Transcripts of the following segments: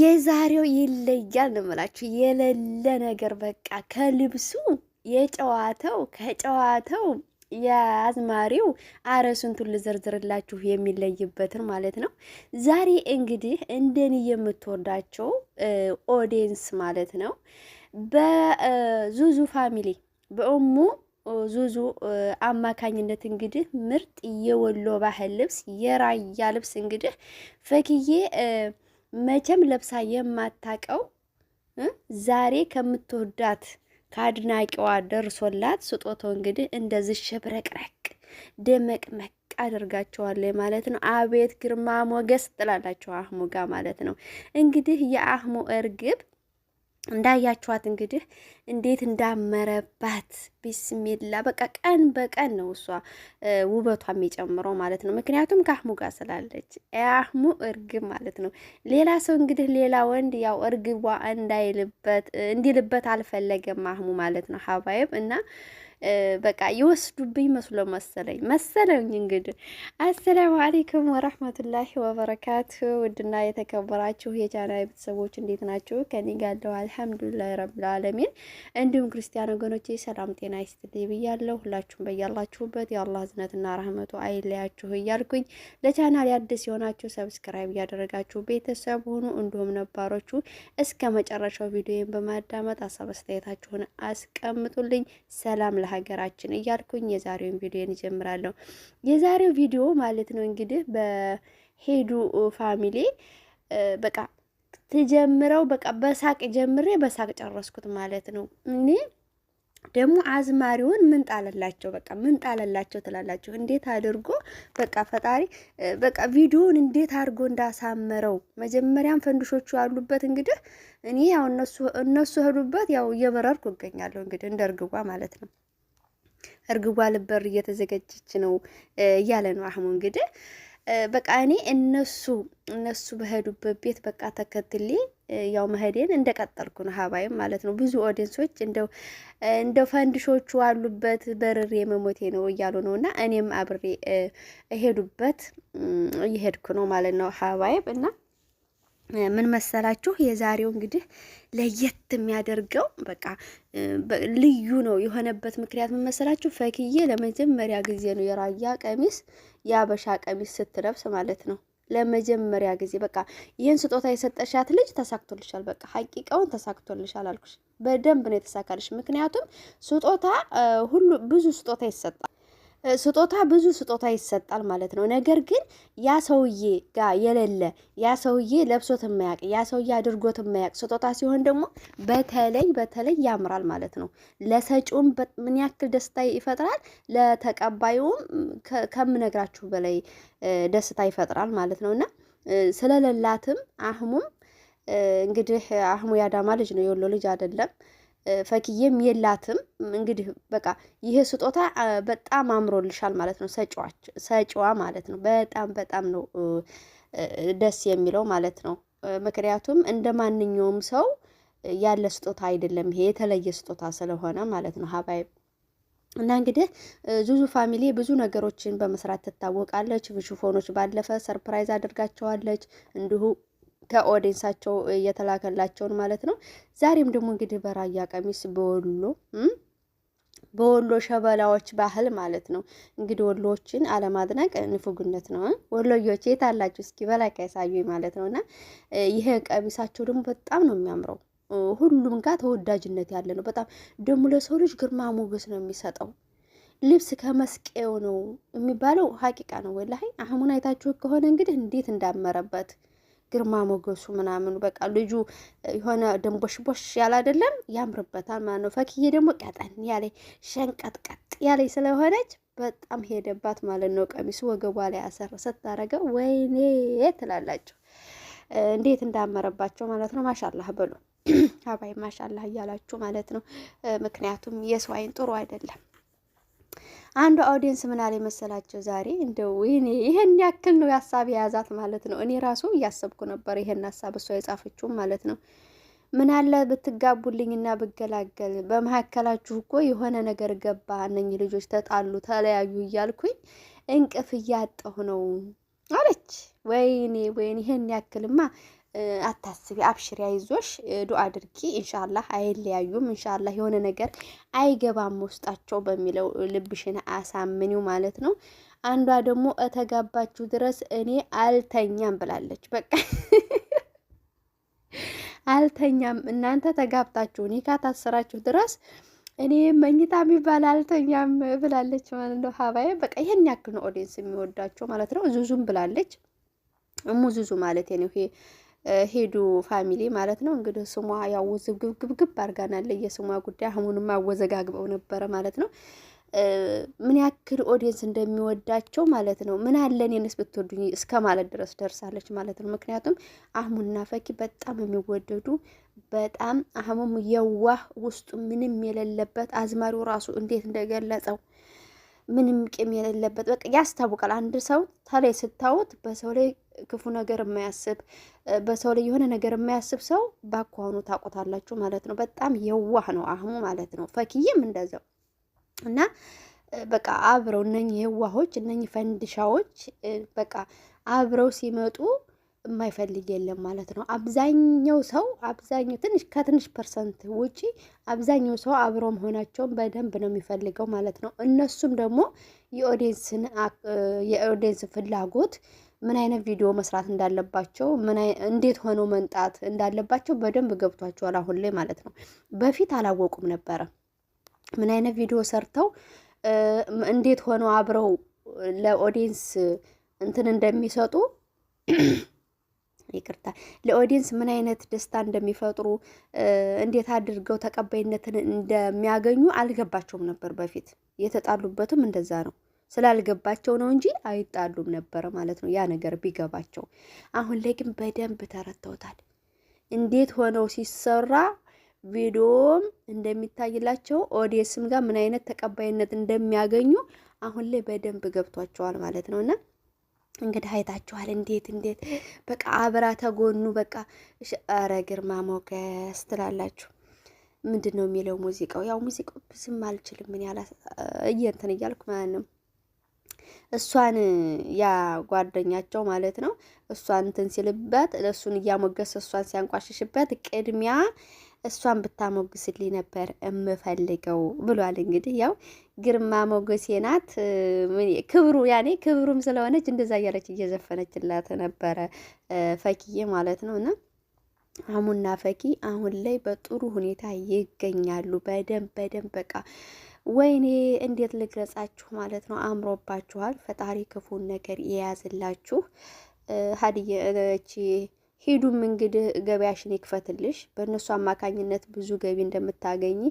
የዛሬው ይለያል ነው የምላችሁ። የሌለ ነገር በቃ ከልብሱ የጨዋተው ከጨዋተው የአዝማሪው አረሱን ቱል ዘርዝርላችሁ የሚለይበትን ማለት ነው። ዛሬ እንግዲህ እንደኔ የምትወዳቸው ኦዲየንስ ማለት ነው በዙዙ ፋሚሊ በእሙ ዙዙ አማካኝነት እንግዲህ ምርጥ የወሎ ባህል ልብስ የራያ ልብስ እንግዲህ ፈክዬ መቼም ለብሳ የማታቀው ዛሬ ከምትወዳት ከአድናቂዋ ደርሶላት ስጦታው እንግዲህ እንደዚህ ሽብረቅረቅ ደመቅመቅ አደርጋቸዋለሁ ማለት ነው። አቤት ግርማ ሞገስ ጥላላቸው አህሙ ጋር ማለት ነው። እንግዲህ የአህሙ እርግብ እንዳያችኋት እንግዲህ እንዴት እንዳመረባት ቢስሚላ በቃ ቀን በቀን ነው እሷ ውበቷ የሚጨምረው ማለት ነው። ምክንያቱም ከአህሙ ጋር ስላለች አህሙ እርግብ ማለት ነው። ሌላ ሰው እንግዲህ ሌላ ወንድ ያው እርግቧ እንዳይልበት እንዲልበት አልፈለገም አህሙ ማለት ነው ሀባይብ እና በቃ ይወስዱብኝ መስሎ መሰለኝ መሰለኝ። እንግዲህ አሰላሙ አሌይኩም ወረህመቱላሂ ወበረካቱ። ውድና የተከበራችሁ የቻና ቤተሰቦች እንዴት ናችሁ? ከኔ ጋለው አልሐምዱሊላህ ረብል ዓለሚን። እንዲሁም ክርስቲያን ወገኖቼ ሰላም ጤና ይስጥልኝ ብያለሁ። ሁላችሁም በያላችሁበት የአላህ እዝነትና ረህመቱ አይለያችሁ እያልኩኝ ለቻናል አዲስ የሆናችሁ ሰብስክራይብ እያደረጋችሁ ቤተሰብ ሆኑ። እንዲሁም ነባሮቹ እስከ መጨረሻው ቪዲዮን በማዳመጥ ሀሳብ አስተያየታችሁን አስቀምጡልኝ። ሰላም ሀገራችን እያልኩኝ የዛሬውን ቪዲዮ እንጀምራለሁ የዛሬው ቪዲዮ ማለት ነው እንግዲህ በሄዱ ፋሚሊ በቃ ትጀምረው በቃ በሳቅ ጀምሬ በሳቅ ጨረስኩት ማለት ነው እኔ ደግሞ አዝማሪውን ምን ጣለላቸው በቃ ምን ጣለላቸው ትላላቸው። እንዴት አድርጎ በቃ ፈጣሪ በቃ ቪዲዮውን እንዴት አድርጎ እንዳሳመረው መጀመሪያም ፈንዱሾቹ ያሉበት እንግዲህ እኔ ያው እነሱ እነሱ ሄዱበት ያው እየበረርኩ እገኛለሁ እንግዲህ እንደ ማለት ነው። እርግቧ ልበር እየተዘጋጀች ነው እያለ ነው አህሙ እንግዲህ በቃ እኔ እነሱ እነሱ በሄዱበት ቤት በቃ ተከትሌ ያው መሄዴን እንደቀጠልኩ ነው። ሀባይም ማለት ነው ብዙ ኦዲንሶች እንደው እንደው ፈንድሾቹ አሉበት በርሬ መሞቴ ነው እያሉ ነው። እና እኔም አብሬ እሄዱበት እየሄድኩ ነው ማለት ነው ሀባይም እና ምን መሰላችሁ የዛሬው እንግዲህ ለየት የሚያደርገው በቃ ልዩ ነው የሆነበት ምክንያት ምን መሰላችሁ? ፈክዬ ለመጀመሪያ ጊዜ ነው የራያ ቀሚስ የአበሻ ቀሚስ ስትለብስ ማለት ነው። ለመጀመሪያ ጊዜ በቃ ይህን ስጦታ የሰጠሻት ልጅ ተሳክቶልሻል። በቃ ሀቂቃውን ተሳክቶልሻል አልኩሽ። በደንብ ነው የተሳካልሽ። ምክንያቱም ስጦታ ሁሉ ብዙ ስጦታ ይሰጣል። ስጦታ ብዙ ስጦታ ይሰጣል ማለት ነው። ነገር ግን ያ ሰውዬ ጋር የሌለ ያ ሰውዬ ለብሶት የማያውቅ ያ ሰውዬ አድርጎት የማያውቅ ስጦታ ሲሆን ደግሞ በተለይ በተለይ ያምራል ማለት ነው። ለሰጪውም ምን ያክል ደስታ ይፈጥራል፣ ለተቀባዩም ከምነግራችሁ በላይ ደስታ ይፈጥራል ማለት ነው እና ስለሌላትም አህሙም እንግዲህ አህሙ ያዳማ ልጅ ነው፣ የወሎ ልጅ አይደለም። ፈክዬም የላትም። እንግዲህ በቃ ይሄ ስጦታ በጣም አምሮልሻል ማለት ነው፣ ሰጫዋ ማለት ነው። በጣም በጣም ነው ደስ የሚለው ማለት ነው። ምክንያቱም እንደ ማንኛውም ሰው ያለ ስጦታ አይደለም፣ ይሄ የተለየ ስጦታ ስለሆነ ማለት ነው ሀባይ እና እንግዲህ ዙዙ ፋሚሊ ብዙ ነገሮችን በመስራት ትታወቃለች። ሽፎኖች ባለፈ ሰርፕራይዝ አድርጋቸዋለች እንዲሁ ከኦዲንሳቸው እየተላከላቸውን ማለት ነው። ዛሬም ደግሞ እንግዲህ በራያ ቀሚስ በወሎ በወሎ ሸበላዎች ባህል ማለት ነው እንግዲህ ወሎዎችን አለማድነቅ ንፉግነት ነው። ወሎዮች የት አላችሁ? እስኪ በላይ ከሳዩ ማለት ነው። እና ይሄ ቀሚሳቸው ደግሞ በጣም ነው የሚያምረው። ሁሉም ጋር ተወዳጅነት ያለ ነው። በጣም ደግሞ ለሰው ልጅ ግርማ ሞገስ ነው የሚሰጠው። ልብስ ከመስቀው ነው የሚባለው ሀቂቃ ነው። ወላሂ አህሙን አይታችሁ ከሆነ እንግዲህ እንዴት እንዳመረበት ግርማ ሞገሱ ምናምኑ በቃ ልጁ የሆነ ደንቦሽቦሽ ያለ አይደለም ያምርበታል ማለት ነው። ፈክዬ ደግሞ ቀጠን ያለ ሸንቀጥቀጥ ያለ ስለሆነች በጣም ሄደባት ማለት ነው። ቀሚሱ ወገቧ ላይ አሰር ስታረገው ወይኔ ትላላቸው እንዴት እንዳመረባቸው ማለት ነው። ማሻላህ በሉ አባይ ማሻላህ እያላችሁ ማለት ነው። ምክንያቱም የሰው አይን ጥሩ አይደለም። አንዱ አውዲየንስ ምን አለ መሰላቸው ዛሬ እንደው ወይኔ ይሄን ያክል ነው ሀሳብ የያዛት ማለት ነው። እኔ ራሱ እያሰብኩ ነበር ይሄን ሀሳብ እሷ የጻፈችው ማለት ነው። ምን አለ ብትጋቡልኝና ብገላገል፣ በመካከላችሁ እኮ የሆነ ነገር ገባ፣ እነኚህ ልጆች ተጣሉ፣ ተለያዩ እያልኩኝ እንቅፍ እያጠሁ ነው አለች። ወይኔ ወይኔ ይሄን ያክልማ አታስቢ፣ አብሽሪ፣ አይዞሽ፣ ዱአ አድርጊ። ኢንሻላህ አይለያዩም፣ ኢንሻላህ የሆነ ነገር አይገባም ውስጣቸው በሚለው ልብሽን አሳምኒው ማለት ነው። አንዷ ደግሞ እተጋባችሁ ድረስ እኔ አልተኛም ብላለች። በቃ አልተኛም እናንተ ተጋብታችሁ እኔ ካታሰራችሁ ድረስ እኔ መኝታ የሚባል አልተኛም ብላለች ማለት ነው። ሀባዬ በቃ ይህን ያክል ነው ኦዲየንስ የሚወዳቸው ማለት ነው። ዙዙም ብላለች እሙ ዙዙ ማለት ነው ይሄ ሄዱ ፋሚሊ ማለት ነው እንግዲህ ስሟ ያው ግብግብግብ አርጋናለ የስሟ ጉዳይ አሁንም አወዘጋግበው ነበረ ማለት ነው። ምን ያክል ኦዲየንስ እንደሚወዳቸው ማለት ነው። ምን አለ እኔንስ ብትወዱኝ እስከ ማለት ድረስ ደርሳለች ማለት ነው። ምክንያቱም አህሙና ፈኪ በጣም የሚወደዱ በጣም አህሙም የዋህ ውስጡ ምንም የሌለበት አዝማሪው ራሱ እንዴት እንደገለጸው ምንም ቂም የሌለበት በቃ ያስታውቃል። አንድ ሰው ተለይ ስታዩት በሰው ላይ ክፉ ነገር የማያስብ በሰው ላይ የሆነ ነገር የማያስብ ሰው ባኳኑ ታቆታላችሁ ማለት ነው። በጣም የዋህ ነው አህሙ ማለት ነው። ፈኪዬም እንደዛው እና በቃ አብረው እነኚህ የዋሆች እነኚህ ፈንድሻዎች በቃ አብረው ሲመጡ የማይፈልግ የለም ማለት ነው። አብዛኛው ሰው አብዛኛው ትንሽ ከትንሽ ፐርሰንት ውጪ አብዛኛው ሰው አብሮ መሆናቸውን በደንብ ነው የሚፈልገው ማለት ነው። እነሱም ደግሞ የኦዲየንስን የኦዲየንስ ፍላጎት ምን አይነት ቪዲዮ መስራት እንዳለባቸው እንዴት ሆኖ መንጣት እንዳለባቸው በደንብ ገብቷቸዋል አሁን ላይ ማለት ነው። በፊት አላወቁም ነበረ ምን አይነት ቪዲዮ ሰርተው እንዴት ሆኖ አብረው ለኦዲንስ እንትን እንደሚሰጡ ይቅርታ ለኦዲንስ ምን አይነት ደስታ እንደሚፈጥሩ እንዴት አድርገው ተቀባይነትን እንደሚያገኙ አልገባቸውም ነበር በፊት። የተጣሉበትም እንደዛ ነው። ስላልገባቸው ነው እንጂ አይጣሉም ነበረ ማለት ነው። ያ ነገር ቢገባቸው። አሁን ላይ ግን በደንብ ተረተውታል። እንዴት ሆነው ሲሰራ ቪዲዮም እንደሚታይላቸው ኦዲየንስም ጋር ምን አይነት ተቀባይነት እንደሚያገኙ አሁን ላይ በደንብ ገብቷቸዋል ማለት ነው እና እንግዲህ አይታችኋል። እንዴት እንዴት በቃ አብራ ተጎኑ በቃ ኧረ ግርማ ሞገስ ትላላችሁ። ምንድን ነው የሚለው ሙዚቃው? ያው ሙዚቃው ብዙም አልችልም ምን ያላ እየንትን እያልኩ ማንም ነው እሷን ያ ጓደኛቸው ማለት ነው። እሷን እንትን ሲልበት እሱን እያሞገሰ እሷን ሲያንቋሽሽበት ቅድሚያ እሷን ብታሞግስልኝ ነበር እምፈልገው ብሏል። እንግዲህ ያው ግርማ ሞገሴ ናት ክብሩ፣ ያኔ ክብሩም ስለሆነች እንደዛ እያለች እየዘፈነችላት ነበረ ፈኪዬ ማለት ነው እና አሙና ፈኪ አሁን ላይ በጥሩ ሁኔታ ይገኛሉ። በደንብ በደንብ በቃ ወይኔ እንዴት ልግለጻችሁ ማለት ነው። አምሮባችኋል። ፈጣሪ ክፉን ነገር የያዝላችሁ። ሀዲዬ እቺ ሂዱም እንግዲህ ገበያሽን ይክፈትልሽ። በእነሱ አማካኝነት ብዙ ገቢ እንደምታገኝ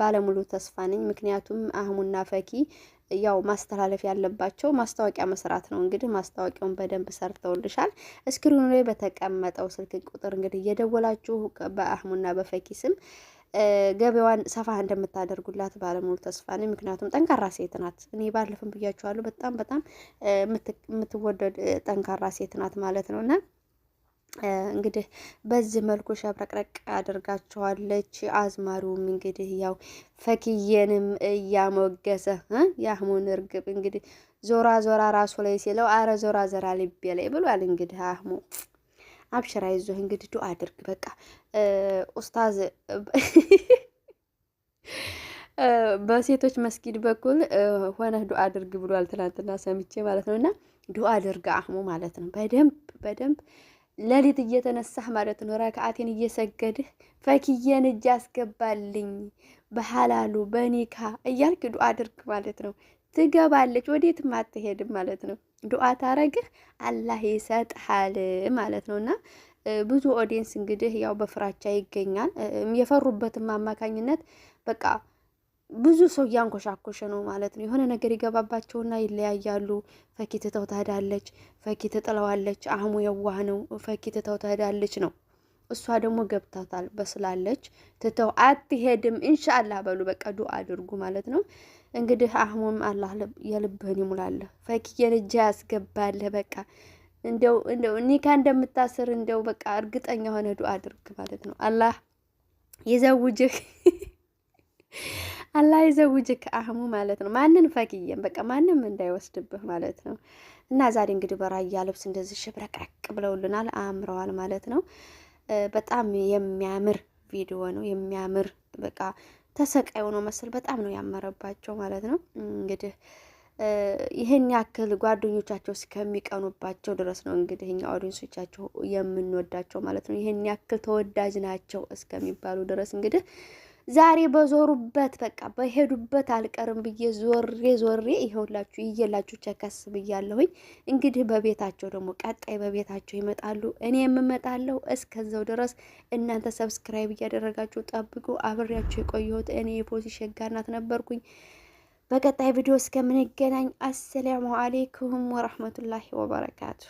ባለሙሉ ተስፋ ነኝ። ምክንያቱም አህሙና ፈኪ ያው ማስተላለፍ ያለባቸው ማስታወቂያ መስራት ነው። እንግዲህ ማስታወቂያውን በደንብ ሰርተውልሻል። እስክሪኑ ላይ በተቀመጠው ስልክ ቁጥር እንግዲህ እየደወላችሁ በአህሙና በፈኪ ስም ገበያዋን ሰፋ እንደምታደርጉላት ባለሙሉ ተስፋ ነኝ። ምክንያቱም ጠንካራ ሴት ናት። እኔ ባለፈን ብያችኋለሁ። በጣም በጣም የምትወደድ ጠንካራ ሴት ናት ማለት ነው እና እንግዲህ በዚህ መልኩ ሸብረቅረቅ አድርጋቸዋለች። አዝማሪውም እንግዲህ ያው ፈክየንም እያሞገሰ የአህሙን እርግብ እንግዲህ ዞራ ዞራ ራሱ ላይ ሲለው አረ ዞራ ዘራ ልቤ ላይ ብሏል። እንግዲህ አህሙ አብሽራ ይዞህ እንግዲህ ዱአ አድርግ። በቃ ኡስታዝ በሴቶች መስጊድ በኩል ሆነህ ዱአ አድርግ ብሏል ትናንትና ሰምቼ ማለት ነው። እና ዱአ አድርግ አህሙ ማለት ነው። በደንብ በደንብ ሌሊት እየተነሳህ ማለት ነው ረክዓቴን እየሰገድህ ፈክዬን እጅ አስገባልኝ በሐላሉ በኒካ እያልክ ዱዓ አድርግ ማለት ነው። ትገባለች ወዴትም አትሄድም ማለት ነው። ዱዓ ታረግህ አላህ ይሰጥሃል ማለት ነው። እና ብዙ ኦዲየንስ እንግዲህ ያው በፍራቻ ይገኛል የፈሩበትም አማካኝነት በቃ ብዙ ሰው እያንኮሻኮሸ ነው ማለት ነው። የሆነ ነገር ይገባባቸውና ይለያያሉ። ፈኪ ትተው ትሄዳለች፣ ፈኪ ትጥለዋለች። አህሙ የዋህ ነው። ፈኪ ትተው ትሄዳለች ነው። እሷ ደግሞ ገብታታል በስላለች ትተው አትሄድም። እንሻላ በሉ በቃ ዱ አድርጉ ማለት ነው። እንግዲህ አህሙም አላህ የልብህን ይሙላለህ፣ ፈኪ የልጃ ያስገባለህ። በቃ እንደው እንደው ኒካ እንደምታስር እንደው በቃ እርግጠኛ ሆነ ዱ አድርግ ማለት ነው። አላህ ይዘውጅህ አላህ ይዘውጅክ አህሙ ማለት ነው። ማንን ፈግየም በቃ ማንም እንዳይወስድብህ ማለት ነው። እና ዛሬ እንግዲህ በራያ ልብስ እንደዚህ ሽብረቅረቅ ብለውልናል፣ አምረዋል ማለት ነው። በጣም የሚያምር ቪዲዮ ነው የሚያምር በቃ ተሰቃዩ ነው መስል በጣም ነው ያመረባቸው ማለት ነው። እንግዲህ ይህን ያክል ጓደኞቻቸው እስከሚቀኑባቸው ድረስ ነው እንግዲህ እኛ ኦዲንሶቻቸው የምንወዳቸው ማለት ነው። ይህን ያክል ተወዳጅ ናቸው እስከሚባሉ ድረስ እንግዲህ ዛሬ በዞሩበት በቃ በሄዱበት አልቀርም ብዬ ዞሬ ዞሬ ይኸውላችሁ እየላችሁ ቸከስ ብያለሁኝ። እንግዲህ በቤታቸው ደግሞ ቀጣይ በቤታቸው ይመጣሉ፣ እኔ የምመጣለሁ። እስከዛው ድረስ እናንተ ሰብስክራይብ እያደረጋችሁ ጠብቁ። አብሬያችሁ የቆየሁት እኔ የፖሲ ሸጋናት ነበርኩኝ። በቀጣይ ቪዲዮ እስከምንገናኝ አሰላሙ አሌይኩም ወረህመቱላሂ ወበረካቱ።